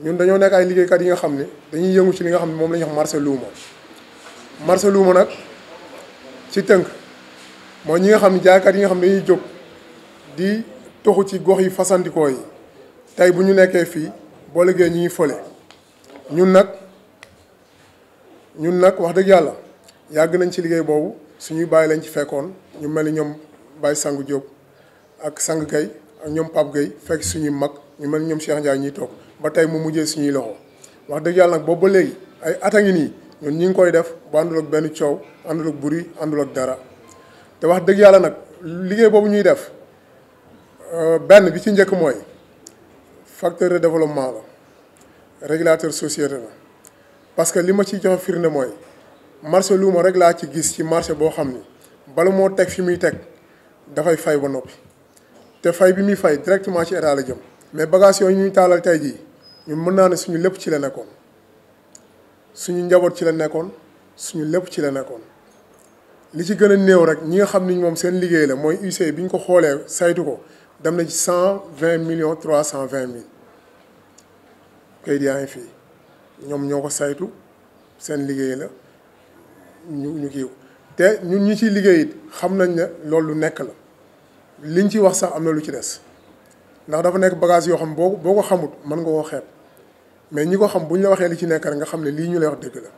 ñun dañoo nekk ay liggéeykat yi nga xam ne dañuy yëngu ci li nga xam ne moom la ñuy wax marché luuma marché luuma nag ci tënk mooy ñi nga xam ne jaaykat yi nga xam ne dañuy jóg di toxu ci gox yi fasandikoo yi tey bu ñu nekkee fii boo liggéey ñu ngi fële ñun nag ñun nag wax dëgg yàlla yàgg nañ ci liggéey boobu suñuy bàyyi lañ ci fekkoon ñu mel ni ñoom Baye Sangu jóg ak Sang Gueye ak ñoom Pape Gueye fekk suñuy mag ñu mel ñoom Cheikh Ndiaye ñuy toog ba tey mu mujjee suñuy loxo wax dëgg yàlla nag boobu ba léegi ay at a ngi nii ñun ñi ngi koy def ba àndul ak benn coow àndul ak buri àndul ak dara te wax dëgg yàlla nag liggéey boobu ñuy def euh, benn bi ci njëkk mooy facteur de développement la régulateur société la parce que li ma ciy joxe firnde mooy marché luuma rek laa ci gis ci marché boo xam ni bala moo teg fi muy teg dafay fay ba noppi te fey bi muy fay directement ci état la jëm mais bagage yooyu ñuy taalal tey jii ñu mën naa ne suñu lépp ci la nekkoon suñu njaboot ci la nekkoon suñu lépp ci la nekkoon li ci gën a néew rek ñi nga xam ni moom seen liggéey la mooy UC bi ñu ko xoolee saytu ko dem na ci cent vingt millions trois cent vingt mille kayit yaa fii ñoom ñoo ko saytu seen liggéey la ñu ñu kiiw te ñun ñu ci liggéey xam nañ ne loolu nekk la liñ ci wax sax am na lu ci des ndax dafa nekk bagage yoo xam boo boo ko xamut mën nga koo xeet mais ñi ko xam bu ñu la waxee li ci nekk rek nga xam ne lii ñu lay wax dëgg la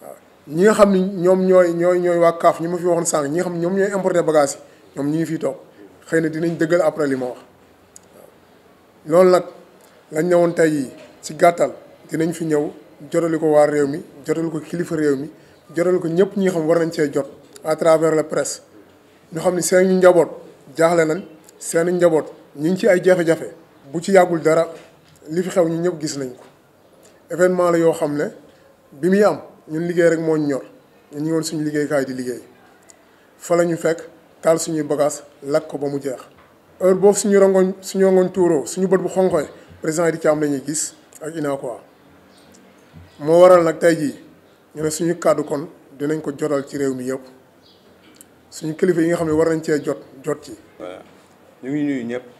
waaw ñi nga xam ni ñoom ñooy ñooy ñooy waa kaaf ñi ma fi waxoon sànq ñi xam ñoom ñooy importer bagage yi ñoom ñi ngi fiy toog xëy na dinañ dëggal après li ma wax waaw loolu nag lañ ne woon tey yi ci gàttal dinañ fi ñëw jotali ko waa réew mi jotali ko kilifa réew mi jotali ko ñëpp ñi xam war nañ cee jot à travers la presse ñu xam ni seen njaboot jaaxle nañ seen njaboot ñu ngi ci ay jafe-jafe bu ci yàggul dara li fi xew ñu ñëpp gis nañ ko événement la yoo xam ne bi muy am ñun liggéey rek moo ñor ñu ngi woon suñu liggéeykaay di liggéey fa la ñu fekk taal suñuy bagage lakk ko ba mu jeex. heure boobu suñu rongoñ suñu rongoñ tuuroo suñu bët bu xonqee président Idi Thiam la ñuy gis ak UNACOIS moo waral nag tey ji ñu ne suñu kàddu kon dinañ ko jotal ci réew mi yëpp suñu kilifa yi nga xam ne war nañ cee jot jot ci. voilà ñu ngi nuyu ñëpp.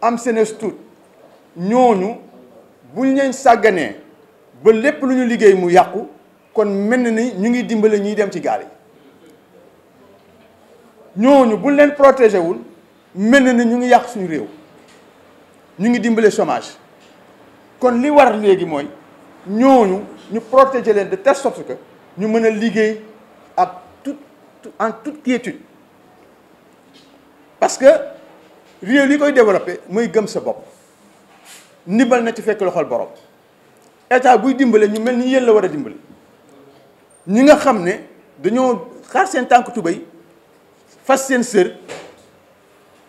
am senes tuut ñooñu buñ leen sàgganee ba lépp lu ñu liggéey mu yàqu kon mel na ni ñu ngi dimbale ñuy dem ci gaal yi ñooñu bu leen protégé wul mel na ni ñu ngi yàq suñu réew ñu ngi dimbale chômage kon li war léegi mooy ñooñu ñu protéger leen de telle sorte que ñu mën a liggéey ak tout en toute quiétude parce que réew li koy développer muy gëm sa bop nibal na ci fekk loxol borom état buy dimbalé ñu melni ni yéen la wara dimbalé dimbale ñi nga xam ne dañoo xaar seen tànk tubéy fas seen sër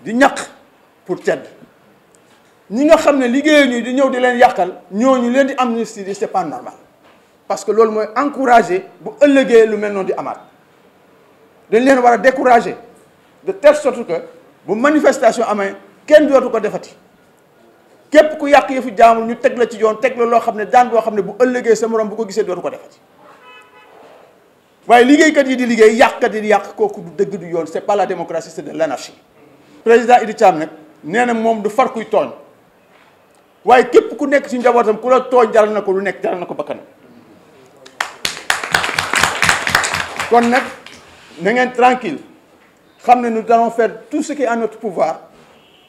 di ñaq pour tedd ñi nga xam liggéey ñu di ñëw di leen yakal ñoñu leen di amnistie c'est pas normal parce que lool moy encourager bu ëllëgee lu mel non di amaat dañ leen wara décourager de telle sorte que bu manifestation amee kenn dootu ko defati képp ku yàq yëfu jaamul ñu teg la ci yoon teg la loo xam ne daan boo xam ne bu ëllëgee sa morom bu ko gisee dootu ko defati waaye liggéey kat yi di liggéey yàqkat yi di yàq kooku du dëgg du yoon c'est pas la démocratie c'est de l'anarchie président Idi Thiam nag nee na moom du far kuy tooñ waaye képp ku nekk ci njabootam ku la tooñ jaral na ko lu nekk jaral na ko bakkanam kon nag na tranquille nous allons faire tout ce qui est à notre pouvoir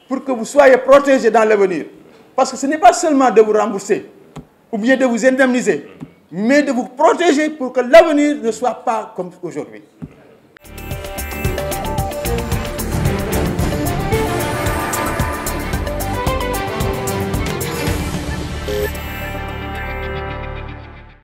pour que vous soyez protégés dans l'avenir parce que ce n'est pas seulement de vous rembourser ou bien de vous indemniser mais de vous protéger pour que l'avenir ne soit pas comme aujourd'hui